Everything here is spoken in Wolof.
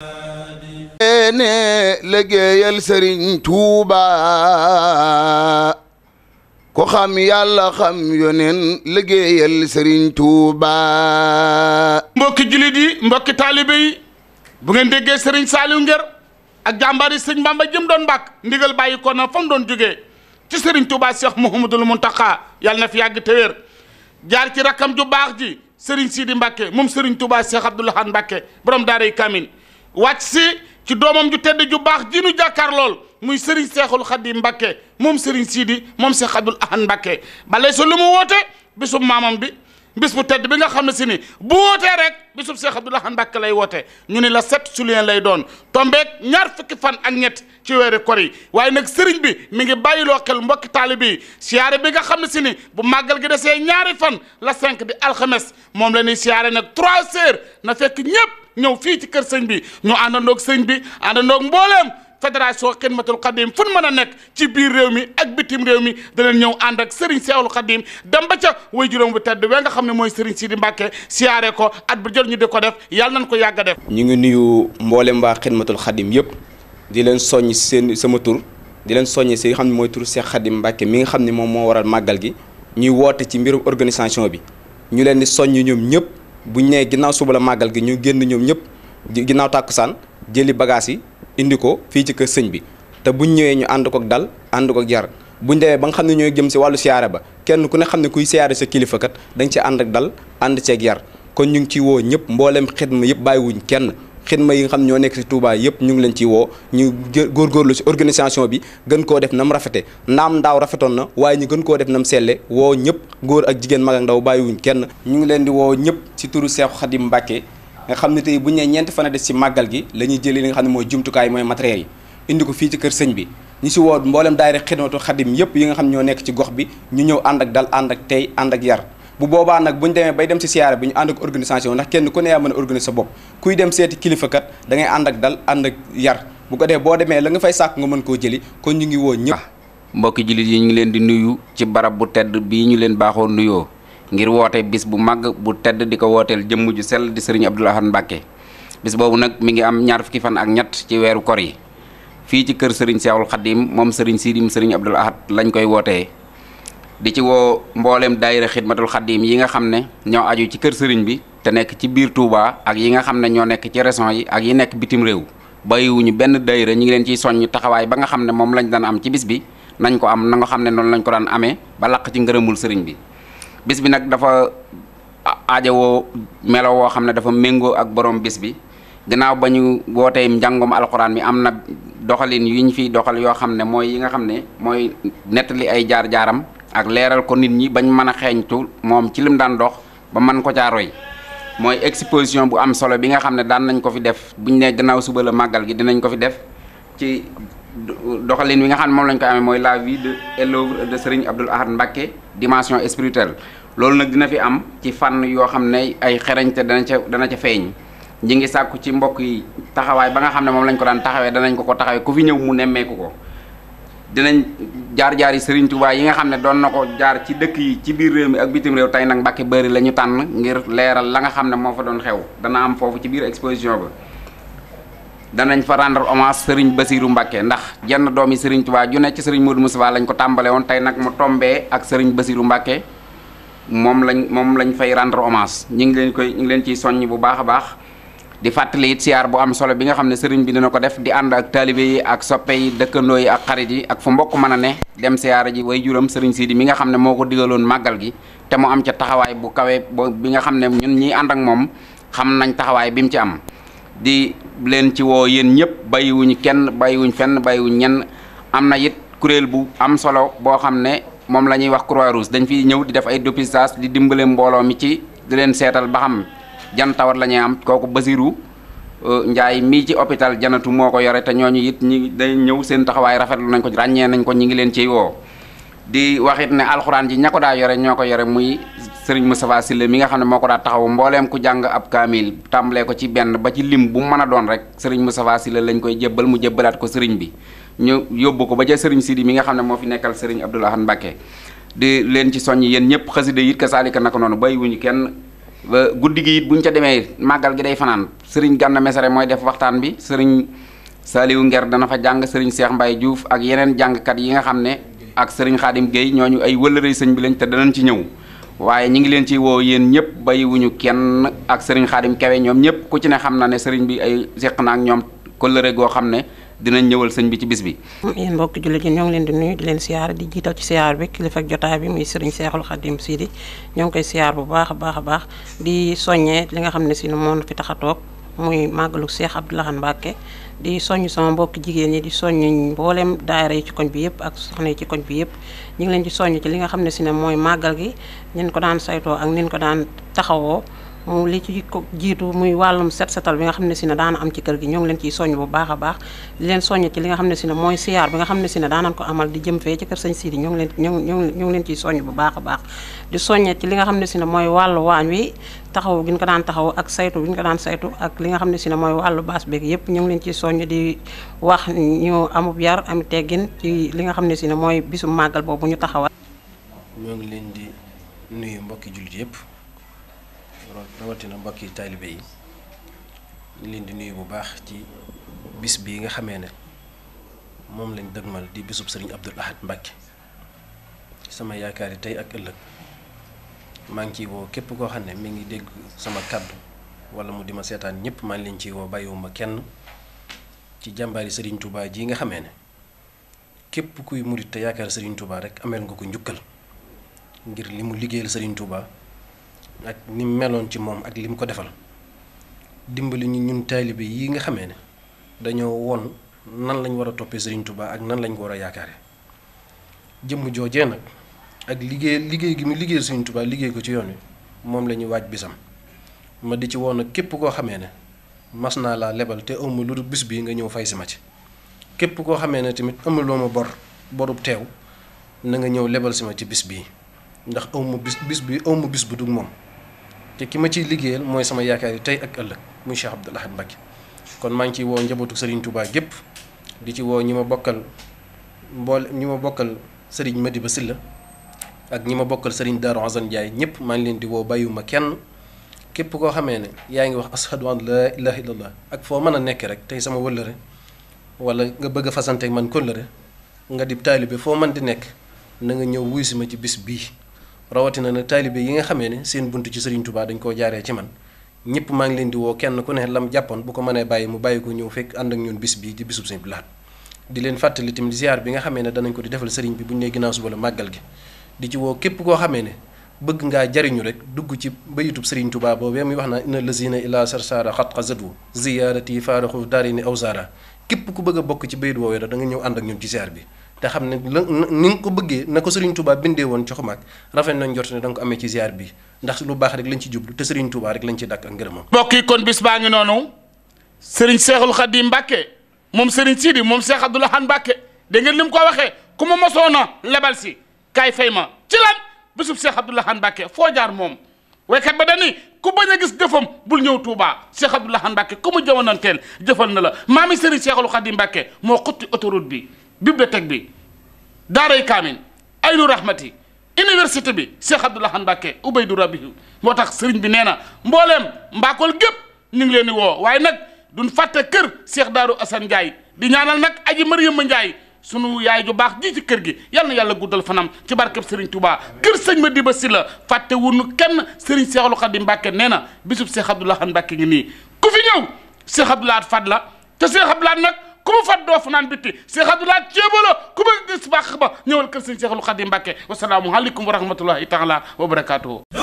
ne liggéeyal sëriñ tuuba ko xam yàlla xam yoneen liggéeyal sëriñ tuuba mbokki julit yi mbokki taalibe yi bu ngeen déggee sëriñ saaliw nger ak jàmbaari sëriñ bamba jëm doon mbàkk ndigal bàyyi ko na fa mu doon jógee ci sëriñ tuuba seex muhammadul muntaxa yàlla na fi yàgg te jaar ci rakkam ju baax ji sëriñ siidi mbàkke moom seriñ tuuba seex abdul ahad mbàkke borom daaray kamin wàcc si ci doomam ju tedd ju baax ji nu lool muy Serigne Seexul Xadim Mbakke moom Serigne Sidi moom Seex Abdul Ahad Mbakke bale su lu mu woote bisum maamam bi bis bu tedd bi nga xam ne si ni bu wootee rek bisub Seex Abdul Ahad Mbakke lay woote ñu ni la sept juillet lay doon tombeek ñaar fukki fan ak ñett ci weeri kor waaye nag sëriñ bi mi ngi bàyyiloo xel mbokki taalibe yi siyaare bi nga xam ne si ni bu màggal gi de desee ñaari fan la cinq bi alxames moom la ñuy siyaare nag trois heures na fekk ñëpp ñëw fii ci kër sëñ bi ñu àndandoog sëñ bi àndandoog mbooleem fédération xidmatul xadim fu mën a nekk ci biir réew mi ak bitim réew mi danañ ñëw ànd ak Serigne Seexul Xadim dem ba ca way juróom bu tedd we nga xam ne mooy Serigne Sidi Mbàkke siyaare ko at bu jot ñu di ko def yàlla nañ ko yàgg def. ñu ngi nuyu mboolem waa xidmatul xadim yëpp di leen soññ seen sama tur di leen soññee si nga xam ne mooy tur Seex Xadim Mbàkke mi nga xam ne moom moo waral màggal gi ñuy woote ci mbirum organisation bi ñu leen di soññ ñoom ñëpp. bu nee ginnaaw suba la màggal gi ñu génn ñoom ñëpp ginnaaw tàkkusaan jëli bagaas yi indi ko fii ci kër sëñ bi te buñ ñëwee ñu ànd ko dal ànd ko yar buñ demee ba nga xam ne ñooy jëm si wàllu siyaare ba kenn ku ne xam ne kuy siyaare sa kilifa kat dañ ci ànd ak dal ànd ceeg yar kon ñu ngi ciy woo mboolem mbooleem xidma yëpp bàyyiwuñ kenn xidma yi nga xam ne ñoo nekk si Touba yëpp ñu ngi leen ciy woo ñu góorgóorlu si organisation bi gën koo def na mu rafete naam ndaaw rafetoon na waaye ñu gën koo def na mu selle woo ñëpp góor ak jigéen mag ak ndaw bàyyiwuñ kenn ñu ngi leen di woo ñëpp si turu Seexu Xadim Mbàkke nga xam ne tey bu ñee ñeenti fan a def si màggal gi la ñuy jëlee li nga xam ne mooy jumtukaay mooy matériel yi indi ko fii ci kër sëñ bi ñu si woo mboolem daayira xidmatu xadim yëpp yi nga xam ñoo nekk ci gox bi ñu ñëw ànd ak dal ànd ak tey ànd ak yar bu boobaa nag bu ñu demee bay dem ci siyaare bi ñu ànd ak organisation ndax kenn ku ne yaa mën a sa bopp kuy dem seeti kilifa kat da ngay ànd ak dal ànd ak yar bu ko dee boo demee la nga fay sàkk nga mën koo jëli kon ñu ngi woo ñëpp. Ah, mbokki jullit yi ñu ngi leen di nuyu ci barab bu tedd bii ñu leen baaxoo nuyoo ngir wootee bis bu màgg bu tedd di ko wooteel jëmm ju sell di sëriñ Abdoul Ahad Mbacké bis boobu nag mi ngi am ñaar fukki fan ak ñett ci weeru kor yi fii ci kër sëriñ Seexul Xadim moom sëriñ Sidim sëriñ Abdoul lañ koy wootee di ci woo mboolem dayre xidmatul xaddiim yi nga xam ne ñoo aju ci kër sëriñ bi te nekk ci biir Touba ak yi nga xam ne ñoo nekk ci région yi ak yi nekk bitim réew bàyyiwuñu benn daayira ñu ngi leen ciy soññ taxawaay ba nga xam ne moom lañ daan am ci bis bi nañ ko am na xam ne noonu lañ ko daan amee ba laq ci ngërëmul sëriñ bi bis bi nag dafa aajowoo melo woo xam ne dafa méngoo ak borom bis bi gannaaw ba ñu wootee njàngum alxuraan bi am na doxalin yu ñu fiy doxal yoo xam ne mooy yi nga xam ne mooy nettali ay jaar-jaaram ak leeral ko nit ñi bañ mën a xeeñ xeeñtu moom ci lim daan dox ba man ko caa roy mooy exposition bu am solo bi nga xam ne daan nañ ko fi def buñ ne gannaaw suba la màggal gi dinañ ko fi def ci doxalin wi nga xam ne moom lañ ko amee mooy la vie de et l'œuvre de Serigne Abdoul Ahad Mbacké loolu nag dina fi am ci fànn yoo xam ne ay xerañte dana ca dana ca feeñ ñi ngi sàkku ci mbokk yi taxawaay ba nga xam ne moom lañ ko daan taxawee danañ ko ko taxawee ku fi ñëw mu nemmeeku ko dinañ jaar-jaar yi Serigne Touba yi nga xam ne doon na ko jaar ci dëkk yi ci biir réew mi ak bitim réew tey nag Mbàkke Bari la ñu tànn ngir leeral la nga xam ne moo fa doon xew dana am foofu ci biir exposition ba danañ fa rendre hommage Serigne Bassirou Mbacke ndax jenn doom yi Serigne Touba ju ne ci Serigne Modou Moustapha lañ ko tàmbale woon tey nag mu tombee ak Serigne Bassirou Mbacke moom lañ moom lañ fay rendre hommage ñu ngi leen koy ngi leen ciy soññ bu baax a baax di fàttali it siyaar bu am solo bi nga xam ne sëriñ bi dina ko def di ànd ak taalibe yi ak soppe yi dëkkandoo yi ak xarit yi ak fu mbokk mën a ne dem siyaara ji way juram sëriñ Sidi mi nga xam ne moo ko digaloon màggal gi te mu am ca taxawaay bu kawee kawe bi nga xam ne ñun ñiy àndak moom xam nañ taxawaay bi mu ci am di leen ci woo yéen ñëpp bàyyiwuñ kenn bàyyiwuñ fenn bàyyiwuñ ñenn am na it kuréel bu am solo boo xam ne moom la ñuy wax Croix-Rouge dañ fi ñëw di def ay dépistage di dimbale mbooloo mi ci di leen seetal ba xam jan tawat la ñuy am kooku Basiru euh, Njaay mii ci hôpital janatu moo ko yore te ñoo ñu it ñi day ñëw seen taxawaay rafetlu nañ ko ràññee nañ ko ñi ngi leen ci woo di waxit ne alxuraan ji ña ko daa yore ñoo ko yore muy sëriñ Moustapha Sylla mi nga xam ne moo ko daa taxaw mbooleem ku jàng ab kaamil tàmbalee ko ci benn ba ci lim bu mën a doon rek sëriñ Moustapha Sylla lañ koy jëbbal mu jébbalaat ko sëriñ bi ñu yóbbu ko ba ca sëriñ Sidi mi nga xam ne moo fi nekkal sëriñ Abdoul Ahad Mbacké di leen ci soññ yéen ñëpp xasida it ka saalika naka noonu bàyyiwuñu kenn ba guddi gi it bu ñu ca demee màggal gi day fanaan sëriñ Gana Messere mooy def waxtaan bi sëriñ Saliou Nger dana fa jàng sëriñ Cheikh Mbaye Diouf ak yeneen jàngkat yi nga xam ne ak sëriñ Khadim géey ñooñu ay wëllërey sëñ bi lañ te danañ ci ñëw waaye ñi ngi leen ci woo yéen ñëpp bàyyiwuñu kenn ak sëriñ Khadim Kewe ñoom ñëpp ku ci ne xam na ne sëriñ bi ay seq na ak ñoom kóllëre goo xam ne dinañ ñëwal sëñ bi ci bis bi. yéen mbokk jullit yi ñoo ngi leen di nuyu di leen siyaar di jiital ci siyaar bi kilifa ak jotaay bi muy sëriñ Seexul Xadim di ñoo ngi koy siyaar bu baax a baax a baax di soññee li nga xam ne si moom fi tax a toog muy màggalu Seex Abdou Lahad di soññ sama mbokk jigéen ñi di soññ mboolem daayira ci koñ bi yëpp ak soxna ci koñ bi yëpp ñu ngi leen di soññ ci li nga xam ne si mooy màggal gi nin ko daan saytoo ak nin ko daan taxawoo li ci ko jiitu muy wàllum set setal bi nga xam ne si ne daana am ci kër gi ñoo leen ciy soññ bu baax a baax di leen soññ ci li nga xam ne si ne mooy xam ne si ne daanan ko amal di jëm fee ci ñoo ngi ñoo ngi ñoo ngi leen ciy soññ bu baax a baax di li nga xam ne si ne mooy wàllu waañ wi taxaw gi ko daan taxaw ak saytu gi ñu ko daan saytu ak li nga xam ne si ne mooy wàllu baas beeg yépp ñu ngi leen ciy soññ di wax ñu amub yar am teggin ci li nga xam ne si ne mooy bisum màggal boobu ñu taxawal ñoo ngi leen di nuyu mbokki jullit yépp rawatina mbokki taalibe yi ñu leen di nuyu bu baax ci bis bii nga xamee ne moom lañ dëgmal di bisub sëriñ Abdoul Ahad Mbacke sama yaakaar yi tey ak ëllëg maa ngi ciy woo képp koo xam ne mi ngi dégg sama kàddu wala mu di ma seetaan ñëpp maa ngi leen ciy woo bàyyiwuma kenn ci jàmbaari sëriñ Touba ji nga xamee ne képp kuy murit te yaakaar sëriñ Touba rek ameel nga ko njukkal ngir li mu liggéeyal sëriñ Touba. ak ni mu meloon ci moom ak li mu ko defal dimbali ñu ñun taalibe yi nga xamee ne dañoo won nan lañu war a toppee Serigne tubaa ak nan lañu war a yaakaare jëmm joojee nag ak liggéey liggéey gi mu liggéey Serigne Touba liggéey ko ci yoon wi moom la ñuy waaj bisam ma di ci woon ak képp koo xamee ne mas naa laa lebal te ëmb lu dul bis bii nga ñëw fay si ma ci képp koo xamee ne tamit ëmb loo ma bor borub teew na nga ñëw lebal si ma ci bis bii ndax ëmb bis bis bi ëmb bis bu dug moom te ki ma ciy liggéeyal mooy sama yaakaar yi tey ak ëllëg muy Cheikh Abdoul Ahad Mbacké kon maa ngi ciy woo njabootu Serigne Touba gépp di ci woo ñi ma bokkal mbool ñi ma bokkal Serigne Madiba Sylla ak ñi ma bokkal Serigne Darou Assane Ndiaye ñëpp maa ngi leen di woo ma kenn képp koo xamee ne yaa ngi wax ashadu an laa ilaha illallah ak foo mën a nekk rek tey sama wëllëre walla nga bëgg a fasante man kóllëre nga di taalibe foo man di nekk na nga ñëw wuy ma ci bis bii rawatina nag taalibe yi nga xamee ne seen bunt ci Serigne Touba dañ koo jaaree ci man ñëpp maa ngi leen di woo kenn ku ne lam jàppoon bu ko mënee bàyyi mu bàyyi ko ñëw fekk ànd ak ñun bis bii di bisub Sëñ Abdou di leen fàttali tamit ziar bi nga xamee ne danañ ko di defal sëriñ bi bu ñu nee ginnaaw suba la màggal gi di ci woo képp koo xamee ne bëgg ngaa jariñu rek dugg ci bayitub sëriñ Touba boobee muy wax naa inna lazina ila sarsara xatqa zadwu ziyaarati faaraxu daarini awsara képp ku bëgg a bokk ci bayit woowee da nga ñëw ànd ak ñun ci bi te xam ne la ni nga ko bëggee na ko Serigne Touba bindee woon ci xumaag rafet nañ njort ne da nga ko amee ci ziar bi ndax lu baax rek lañ ci jublu te Serigne Touba rek lañ ci dakk ak ngërëmam. mbokk yi kon bis baa ngi noonu Serigne Cheikhul Khadim Mbacke moom Serigne Sidi moom Cheikh Abdou Lahad Mbacke da ngeen lim ko waxee ku ma mosoon a lebal si kaay fay ma ci lan bisub Cheikh Abdou foo jaar moom. waykat ba dani ku bañ a gis jëfam bul ñëw Touba Cheikh Abdou Lahad Mbacke ku mu jawoon teel jëfal na la maam maami Serigne Cheikhul xaddi Mbacke moo xotti autoroute bi bibliothèque bi daaray kaamin aynu rahmati université bi Cheikh Abdou Lahad Mbacké Ubaydu Rabihu moo tax sëriñ bi nee na mbooleem mbaakool gépp ñu leen di woo waaye nag duñ fàtte kër Cheikh Daaru Assane Ndiaye di ñaanal nag aji ma Ndiaye sunu yaay ju baax ji ci kër gi yal na yàlla guddal fanam ci barkeb Serigne Touba kër sëñ ma diba si la fàtte wunu kenn Serigne seexlu Khadim Mbacké nee na bisub Cheikh Abdou Lahad Mbacké ngi te Cheikh Abdou Lahad nag ku mu fat doo fanaan bitti Cheikh Abdoulaye Thiébalo ku bëgg gis baax ba ñëwal kër sëñ Cheikhul Khadim Mbacké wasalaamu aleykum wa rahmatullahi taala